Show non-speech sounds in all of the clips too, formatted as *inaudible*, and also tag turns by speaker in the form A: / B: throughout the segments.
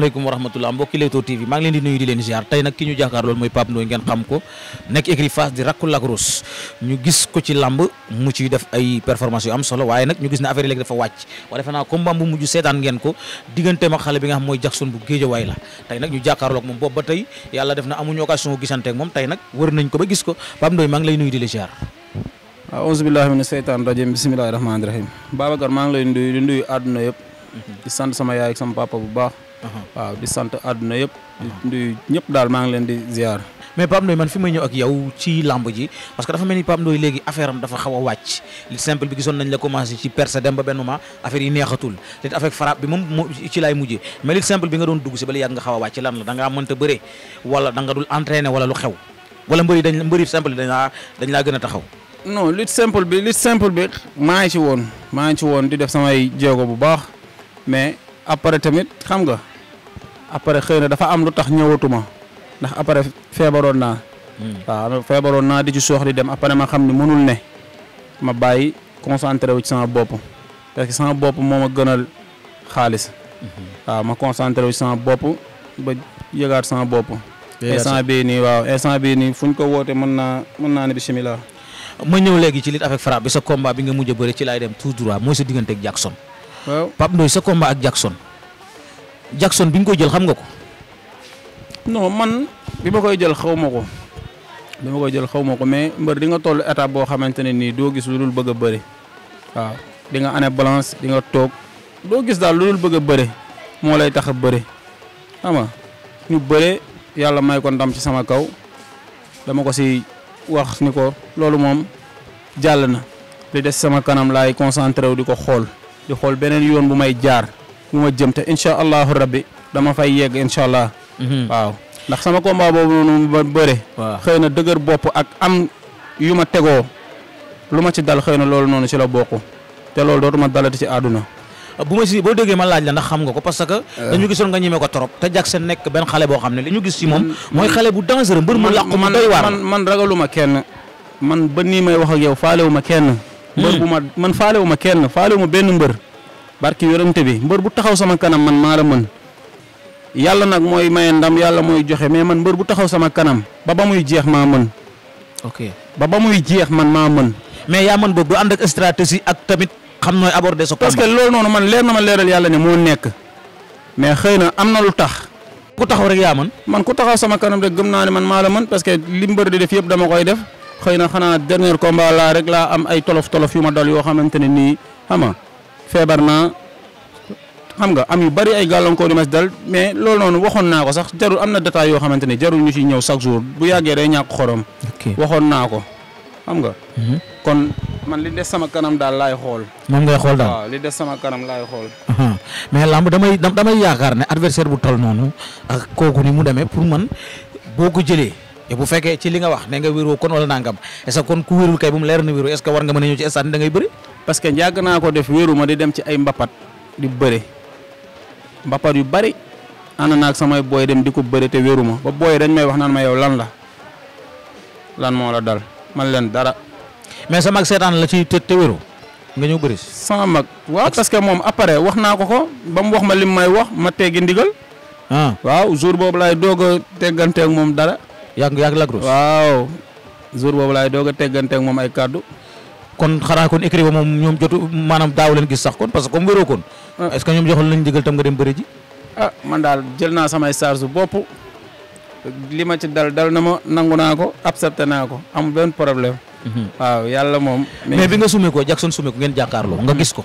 A: aleykum wa rahmatullah mbokki Leewtoo TV maa ngi leen di nuyu di leen ziar tey nag ki ñu jàkkaar loolu mooy Pape ngeen xam ko nekk écurie di rakku Lac Rose ñu gis ko ci làmb mu ciy def ay performance yu am solo waaye nag ñu gis ne affaire yi léegi dafa wàcc waaye defe naa combat bu mujj seetaan ngeen ko digganteem ak xale bi nga xam mooy Jackson bu Géejawaay la tey nag ñu jàkkaarloog moom boobu ba tey yàlla def na amuñu occasion gisante ak moom tey nag wër nañ ko ba gis ko Pape Ndoye maa ngi mhm. baax Uh-huh. waaw di sant adduna yëpp. di ñëpp daal maa ngi leen di ziar. mais Pape Ndoye man fi may ñëw ak yow ci làmb ji parce que dafa mel ni Pape Ndoye léegi affaire am dafa xaw a wàcc li simple bi gisoon nañ la commencé ci percé dem ba benn moment affaire yi neexatul te it avec bi moom ci laay mujjee mais li simple bi nga doon dugg si ba yàgg nga xaw a wàcc lan la da ngaa mënta bëree wala da nga dul entraîné wala lu xew wala mbëri dañ mbëri simple dañ laa dañ laa gën a taxaw. non lutte simple bi simple bi maa ngi ci woon maa ngi ci woon di def samay jéego bu baax mais après tamit xam nga après xëy na dafa am lu tax ñëwatuma ndax après feebaroon naa. Hmm. waaw feebaroon naa di ci soox di dem après ma xam ne mënul ne ma bàyyi concentré wu ci sama bopp parce que sama bopp moo ma gënal xaalis. Hmm. waaw ma concentré wu ci sama bopp ba yëgaat sama bopp. instant bi nii waaw instant bi nii fu ñu ko wootee mën naa mën naa ne bisimilah. ma ñëw léegi ci lutte avec frappe bi sa combat bi nga mujj bëri ci laay dem tout droit mooy sa diggante ak Jackson. waaw Jackson bi nga koy jël xam nga ko. non man bi ma koy jël xawma ko bi ma jël xaw ko mais mbër di nga toll état boo xamante ne nii doo gis lu dul bëgg a bëri waaw di nga année balance di nga toog doo gis daal lu dul bëgg a bëri moo lay tax a bëri ama ñu bëre yàlla may ko ndam ci sama kaw dama ko si wax ni ko loolu moom jàll na li des sama kanam laay concentré wu di ko xool di xool beneen yoon bu may jaar. fu ma jëm te incha allahu rabbi dama fay yegg incha allah. Mhm. waaw ndax sama combat boobu noonu ma bëre. xëy na dëgër bopp ak am yu ma tegoo lu ma ci dal xëy na loolu noonu si la bokk te loolu dootuma dalati si àdduna. bu ma si boo déggee ma laaj la ndax xam nga ko parce que euh. dañu gisoon nga ñemee ko trop te Jackson nekk benn xale boo xam ne li ñu gis si moom mooy xale bu dangereux mbër mu làqu man doy waar man man ragaluma kenn man ba nii may wax ak yow faalewu ma kenn hmm. mbër ma man faalewu ma kenn faalewu ma benn mbër barki yorante bi mbër bu taxaw sama kanam man maa la mën yàlla nag mooy maye ndam yàlla mooy joxe mais man mbër bu taxaw sama kanam ba ba muy jeex maa mën. ba ba muy jeex man maa mën. mais yaa mën boobu du ànd ak stratégie ak tamit xam nooy aborder sa. parce que loolu noonu man leer na ma leeral yàlla ne moo nekk mais xëy na am na lu tax. ku taxaw rek yaa mën. man ku taxaw sama kanam rek gëm naa ne man maa la mën parce que li mbër di def yëpp dama koy def xëy na xanaa dernier combat laa rek laa am ay tolof yu ma dal yoo xamante ne nii xam feebar naa xam nga am yu bari ay gàllankoor yu ma si dal mais loolu noonu waxoon naa ko sax jarul am na détails yoo xamante ne jarul ñu ci ñëw chaque jour bu yàggee day ñàkk xorom. waxoon naa ko xam nga. Mhm. kon man li des sama kanam daal laay xool. moom ngay xool daal waaw sama kanam laay xool. mais lamb damay damay yaakaar ne adversaire bu tol noonu ak kooku ni mu demee pour man boo ko jëlee. te bu fekkee ci li nga wax ne nga wéroo kon wala nangam est-ce kon ku wérul kay bu mu leer na wéroo est-ce que war nga parce que yàgg naa ko def wéruma di dem ci ay mbapat di bëre mbapat yu bari ànd naag samay booy dem di ko bëre te wéruma ba booy dañ may wax naan ma yow lan la lan moo la dal man leen dara. mais sama seetaan la ci te te wéru nga ñëw bëri si. sama mag parce que moom après wax naa ko ko ba mu wax ma lim may wax ma teggi ndigal. ah waaw jour boobu laay doog a tegganteeg moom dara. yàgg yàgg Lac waaw jour boobu laay doog a tegganteeg moom ay kàddu. kon xanaa kon écrit moom ñoom jotu maanaam daaw leen gis sax kon parce que comme wéroo kon. Ah. est-ce que ñoom joxal nañ digal tam nga dem bëri ah man daal jël naa samay charge bopp li ma ci dal dal na ma nangu naa ko accepté naa ko am benn problème. Mhm. waaw yàlla moom. mais bi nga sumee ko Jackson sumee ko ngeen jàkkaarloo nga gis ko.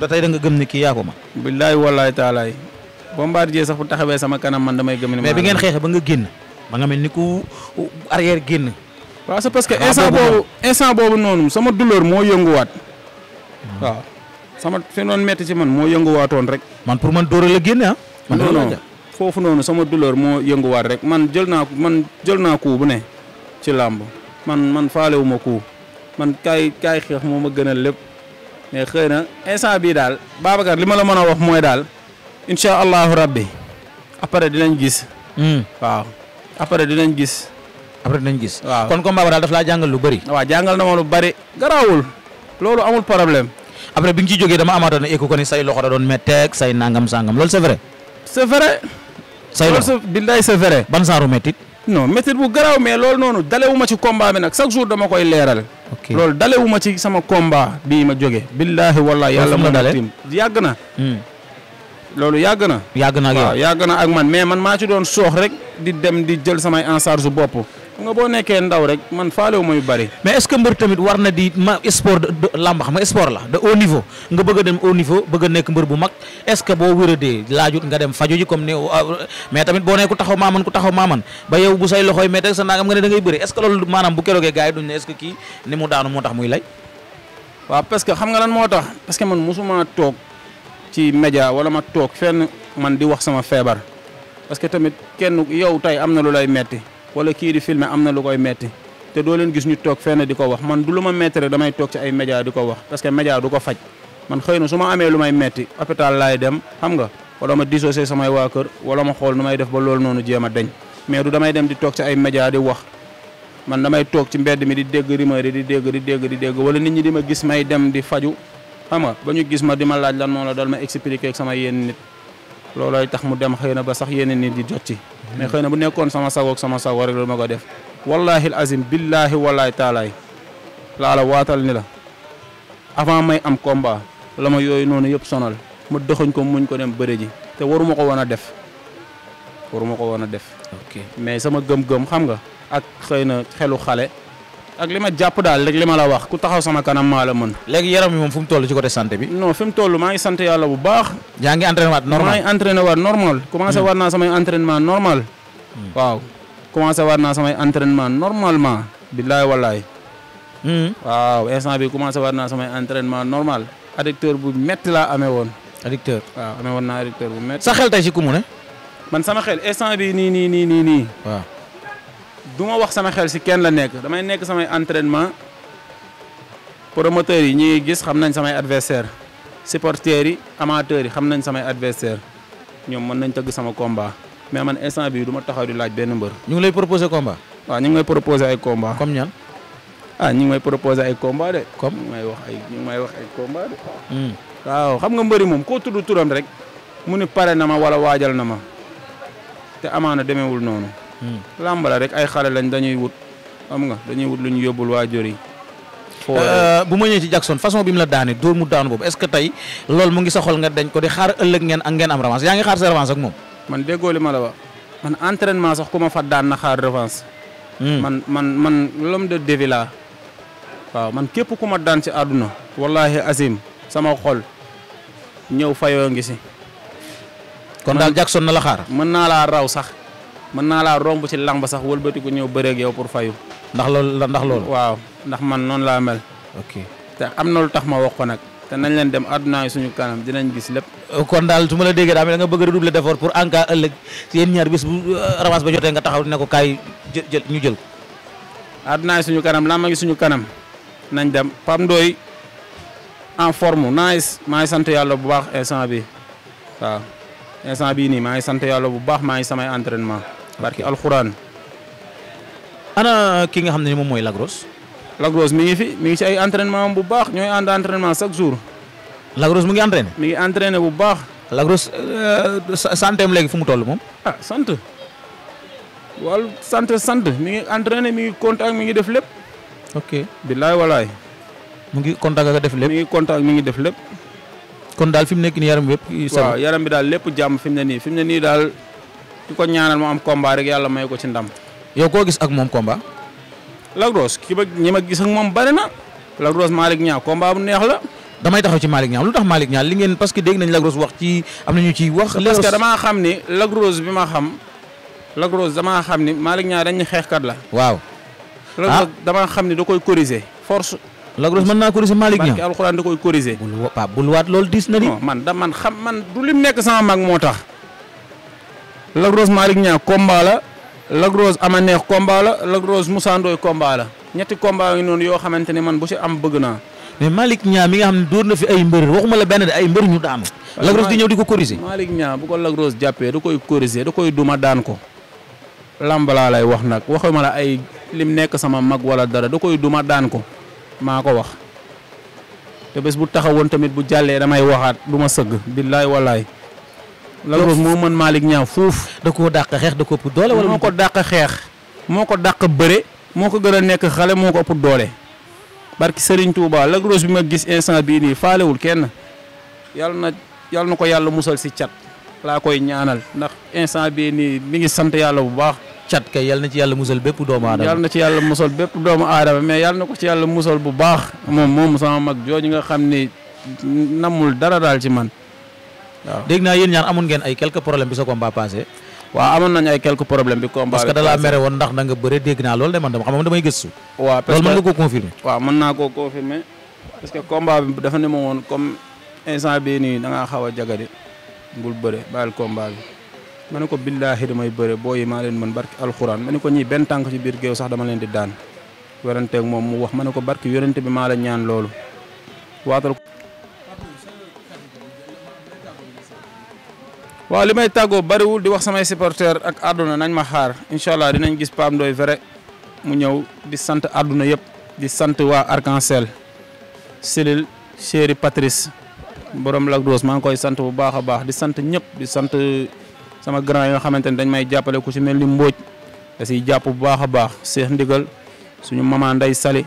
A: ba tey da nga gëm ni kii yaa ko ma. billaay wallaay taalaay. Bombardier sax bu taxawee sama kanam man damay gëm ni. mais bi ngeen xeexee ba nga génn. ba nga mel ni ku arrière génn. waaw c'est parce que instant boobu instant boobu noonu sama douleur moo yënguwaat. waaw sama fi noonu metti ci man moo yënguwaatoon rek. man pour man dóora la génne ah. man non foofu noonu sama douleur moo yënguwaat rek man jël naa man jël naa coup bu ne ci làmb man man faalewu ma coup man kaay kaay xeex moom ma gënal lépp mais xëy na instant bii daal Babacar li ma la mën a wax mooy daal incha allahu rabbi di dinañ gis. Hmm. waaw di dinañ gis. après dinañ gis. waaw kon combat ba daal daf laa jàngal lu bëri. waaw jàngal na ma lu bëri. garaawul loolu amul problème. après bi nga ciy jógee dama amaatoon ne écu ko ni say loxo doon métteeg say nangam sangam loolu c'est vrai. sa vrai. say loxo ban saaru méttit. non méttit bu garaaw mais loolu noonu dalewu ma ci combat bi nag chaque jour dama koy leeral. ok loolu dalewu ma ci sama combat bii ma jógee. billaahi wallaahi yàlla mën na tim yàgg na. Hmm. loolu yàgg na. yàgg na ak yow yàgg na ak man mais man maa ci doon soox rek di dem di jël samay en charge nga boo nekkee ndaw rek man faalewu mooy bëri. mais est-ce que mbër tamit war na di ma sport de làmb ma nga sport la de haut niveau nga bëgg dem au niveau bëgg nekk mbër bu mag est-ce que boo wéradee laajut nga dem faju ji comme ni ah, mais tamit boo nekku taxaw maaman ku taxaw maaman ba yow bu say loxoy mais teg sa naagam nga ne da ngay bëri est-ce que loolu maanaam bu keroogee gars yi duñ ne est kii ni mu daanu moo tax muy lay. waa parce que xam nga lan moo tax parce que man mosuma toog ci média wala ma toog fenn man di wax sama feebar parce que tamit kenn yow tey am na lu metti wala kii di filmer am na lu koy metti te doo leen gis ñu toog fenn di ko wax man du lu ma metti rek damay toog ci ay média di ko wax parce que média du ko faj man xëy na su ma amee lu may metti hôpital laay dem xam nga wala ma dissocier samay waa kër wala ma xool nu may def ba loolu noonu jéem a dañ mais du damay dem di toog ci ay média di wax man damay toog ci mbedd mi di dégg rumeur di dégg di dégg di dégg wala nit ñi di ma gis may dem di faju xam ba ñu gis ma di ma laaj lan moo la dal ma expliquer sama yenn nit loolooy tax mu dem xëy na ba sax yenn nit di jot ci mais xëy na bu nekkoon sama sagoog sama sago rek loolu ma ko def wallaahi azim billaahi wallaahi taalaay laa la waatal ni la avant may am combat la ma yooyu noonu yëpp sonal ma doxuñ ko muñ ko dem bëre ji te waruma ko woon a def waruma ko woon a def. mais sama gëm-gëm xam nga ak xëy na xelu xale. ak li ma jàpp daal rek li ma la wax ku taxaw sama kanam maa la mën. léegi yaram bi moom fu mu toll ci côté santé bi. non fi mu maa ngi sant yàlla bu baax. yaa ngi normal maa ngi entraîné commencé hmm. waat naa samay entraînement normal. Hmm. waaw commencé waat naa samay entraînement hmm. bi commencé waat naa samay entraînement normal. addicteur bu métti laa amee woon. addicteur waaw amee woon naa addicteur bu métti. sa xel tey si ku ne. man sama xel instant bi nii nii nii nii nii. du ma wax sama xel si kenn la nekk damay nekk samay entrainement promoteurs yi ñi ngi gis xam nañ samay adversaire supporters yi amateurs yi xam nañ samay adversaire ñoom mën nañ tëgg sama combat mais man instant bii du ma taxaw di laaj benn mbër. ñu ngi lay proposé combat. waaw ñu ngi may proposé ay komba comme ñan. ah ñu ngi may proposé ay de. comme may wax ay ñu ngi wax ay combat de. Hmm. waaw xam nga mbëri moom koo tudd turam rek mu ni pare na ma wala waajal na ma te amaana demeewul noonu. làmb la rek ay xale lañ dañuy wut xam nga dañuy wut lu ñu yóbbul waajur yi. Euh, bu ma ñëwee ci Jackson façon bi mu la daane doo mu daanu boobu est-ce que tey loolu mu ngi soxal nga dañ ko di xaar ëllëg ngeen ak ngeen am revanche yaa ngi xaar sa revanche ak moom. man déggoo li ma la wax man entrainement sax ku ma fa daan na xaar revanche. Hmm. man man man l'homme de défi laa waaw man képp ku ma daan si àdduna. wallahi azim sama xol ñëw fayoo ngi si. kon daal Jackson na la xaar. mën mën naa laa romb ci lamb sax wëlbatiku ñëw bëreeg yow pour fayu. ndax loolu ndax loolu. waaw ndax man noonu laa mel. ok te am na lu tax ma wax ko nag. te nañ leen dem àdduna yi suñu kanam dinañ gis lépp. Euh, kon daal suma ma la déggee daal da nga bëgg a redoubler d'effort pour en cas ëllëg yéen ñaar bis bu euh, ramas ba jotee nga taxaw ne ko kaay jël jël ñu jël ko. àdduna suñu kanam laa ma suñu kanam nañ dem pam Ndoye en forme nice maa sant yàlla bu baax instant bi waaw instant nii maa ngi sant yàlla bu baax maa ngi samay entraînement. barki alxuraan. ana ki nga xam ne moom mooy Lagros. Lagros mi ngi fi mi ngi si ay entrainement bu baax ñooy ànd entraînement chaque jour. Lagros mu ngi entraîné. mi ngi entraîné bu baax. Lagros euh, santeem léegi fu mu toll moom. ah sant. wàllu sant sant mi ngi entraîné mi ngi contact mi ngi def lépp. ok billaay walaay. mu ngi contact ak def lépp mi ngi contact mi ngi def lépp. kon daal fi mu nekk nii yaram bi yëpp. waaw yaram bi daal lépp jàmm fi mu ne nii fi mu ne nii daal di ko ñaanal mu am combat rek yàlla may ko ci ndam. yow koo gis ak moom combat. Lac Rose ki ba ñi ma gis moom bari na Lac Rose Malick Niang combat bu neex la. damay taxaw ci Malick Niang lu tax Malick Niang li ngeen parce que dégg nañ Lac Rose wax ci am na ñu ciy wax. parce que damaa xam ni Lac bi ma xam Lac Rose damaa xam ni Malick Niang xeex kat la. waaw. Lac ah. Rose damaa xam ni da koy corriger force. Lac Rose naa corriger Malick Niang barke alxuraan da koy corriger. bul waat loolu diis na di. man da man xam man du lim nekk sama mag moo tax. Lac Rose Malick Niang combat la Lac Rose ama neex combat la Lac Rose Moussa Ndoye la ñetti combat yi noonu yoo xamante ne man bu si am bëgg naa. mais Malick Niang mi nga xam ne dóor na fi ay mbër waxuma la benn de ay mbër ñu daan Lac Rose di ñëw di ko corriger. Malick Niang bu ko Lac jàppee da koy corriger da koy duma daan ko. làmb laa lay wax nag waxuma la ay lim nekk sama mag wala dara da koy duma daan ko maa ko wax te bés bu taxawoon tamit bu jàllee damay waxaat du ma sëgg billaay wallaay Lagos moo mën Malick Niang fuuf. da koo dàq xeex da ko ëpp doole wala. moo ko dàq xeex moo ko dàq bëre moo ko gën a nekk xale moo ko ëpp doole. barki Serigne Touba Lac Rose bi ma gis instant bii nii faalewul kenn yàlla na yàlla na ko yàlla musal si cat laa koy ñaanal ndax instant bii nii mi ngi sant yàlla bu baax. cat kay yàlla na ci yàlla musal bépp doomu aadama yàlla na ci yàlla musal bépp doomu aadama mais yàlla na ko ci yàlla musal bu baax moom moom sama mag jooju nga xam ni namul dara daal ci man. dégg naa yéen ñaar amoon ngeen ay quelques problèmes bi sa combat passé waaw amoon nañu ay quelques problèmes bi combat parce que da laa mere woon ndax da nga bëre dégg naa loolu de man dama xam damay gëstu waaw loolu mën nga koo confirmer waaw parce que combat bi dafa ne ma woon comme instant bii nii da xaw a jagade bul bëre bàyyil combat bi ma ne ko billaahi damay bëre boo yi maa leen mën barki alxuraan ma ne ko ñii benn tànk ci biir géew sax dama leen di daan weranteeg moom mu wax ma ne ko barki yonente bi maa la ñaan loolu waaw li may tàggoo bariwul di wax samay supporters ak àdduna nañ ma xaar incha allah dinañ gis Pape Ndoye vrai mu ñëw di sant àdduna yëpp di sant waa Arc-en-Ciel Cellule Patrice borom Lac Rose maa ngi koy sant bu baax a baax di sant ñëpp di sant sama grand nga xamante ne dañ may jàppale ku ci mel ni Mbodj da siy jàpp bu baax a baax Cheikh ndiggal suñu maman Ndeye Sali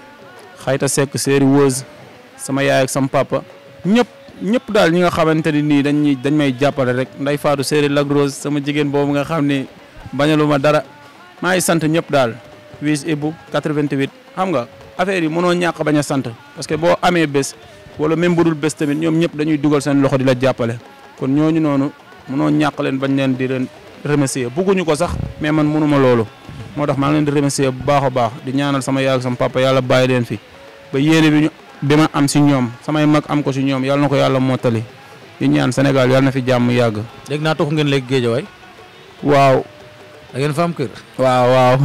A: xayta Seck séeri Woz sama yaay ak sama papa ñëpp. ñëpp daal ñi nga xamante ni nii dañ dañ may jàppale rek nday faatu séeréer Lac sama jigéen boobu nga xam ne bañalu ma dara maa ngi sant ñëpp daal wiis ibu 88 xam nga affaire yi mënoo ñàkk bañ a sant parce que boo amee bés wala même bu dul bés tamit ñoom ñëpp dañuy dugal seen loxo di la jàppale kon ñooñu noonu munoo ñàkk leen bañ leen di leen remercier bugguñu ko sax mais man mënuma loolu moo tax maa ngi leen di remercier bu baax a di ñaanal sama yaay ak sama papa yàlla leen fi bi ma am si ñoom samay mag am ko si ñoom yàlla na ko yàlla mottali ñu ñaan Sénégal yàlla na fi jàmm yàgg. dégg naa taxu ngeen léegi géejawaay. waaw. da ngeen fa am kër. waaw waaw.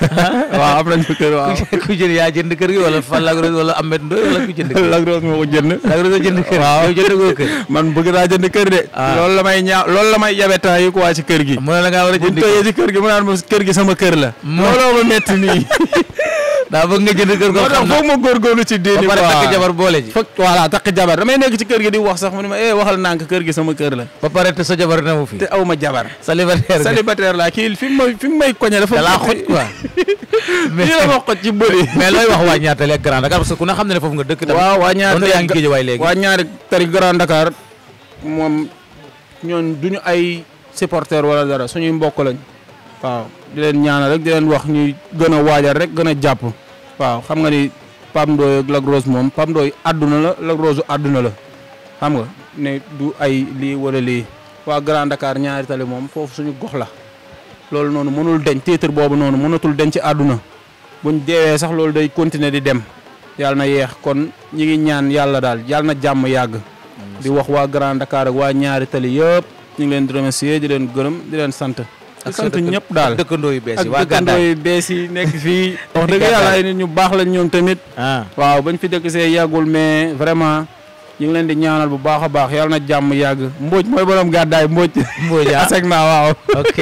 A: *laughs* waaw am nañu kër waaw. ku jënd yaa jënd kër gi wala fan Lagros wala Ameth Ndoye wala ku jënd kër. Lagros moo ko jënd. Lagros man bëgg naa jënd kër de. Ah. loolu la may ñaaw loolu la may yabe temps yi quoi ci kër gi. mu ne la war a jënd kër gi sama kër la. looloo ma métti nii. *laughs* daa bëgg nga jënd kër goo xam ne foog ma góorgóorlu ci déedéet ba pare takk jabar boole nekk ci kër gi di wax sax mu ne ma eh waxal nànk kër gi sama kër la ba pare te sa jabar newu fi te aw ma jabar sa célibataire la kii fi mu may fi mu may koñe dafa laa xoj quoi lii *laughs* ma xoj ci bëri *laughs* mais wax waa ñaata leeg Grand Dakar parce ku ne xam ne ne dëkk tamit waaw waa ñaata yaa ngi géej waay léegi waa ñaari tari Grand Dakar moom ñoon duñu ay supporter wala dara suñuy mbokk lañ waaw di leen ñaanal rek di leen wax ñuy gën a waajal rek gën a jàpp waaw xam nga ni Pape Ndoye ak moom Pape Ndoye àdduna la àdduna la xam nga ne du ay lii wala lii waa Grand Dakar ñaari tali moom foofu suñu gox la loolu noonu mënul deñ titre boobu noonu mënatul deñ ci àdduna buñ deewee sax loolu day continuer di dem yàlla na yeex kon ñu ngi ñaan yàlla daal yàlla na jàmm yàgg di wax waa Grand Dakar waa ñaari tali yëpp ñu ngi leen di remercier di leen gërëm di leen sant ak sant ñëpp daal dëkkandoo yu bees yi waa Gàddaay dëkkandoo yu bees yi nekk fii. *laughs* wax dëgg yàlla nit ñu baax lañ ñoom tamit. Ah. waaw bañ fi dëkk see yàggul mais vraiment ñu ngi leen di ñaanal bu baax a baax yàlla na jàmm yàgg Mbodj mooy borom Gàddaay mbóoj Mbodj ah *laughs* asek naa waaw. ok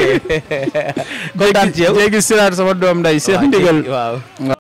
A: *laughs* kontaan ci yow jéegi sama doom day Seex Ndigal